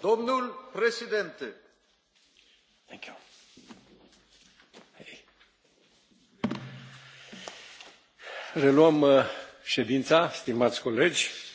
Domnul președinte. Thank you. Hey. Reluăm ședința, stimați colegi.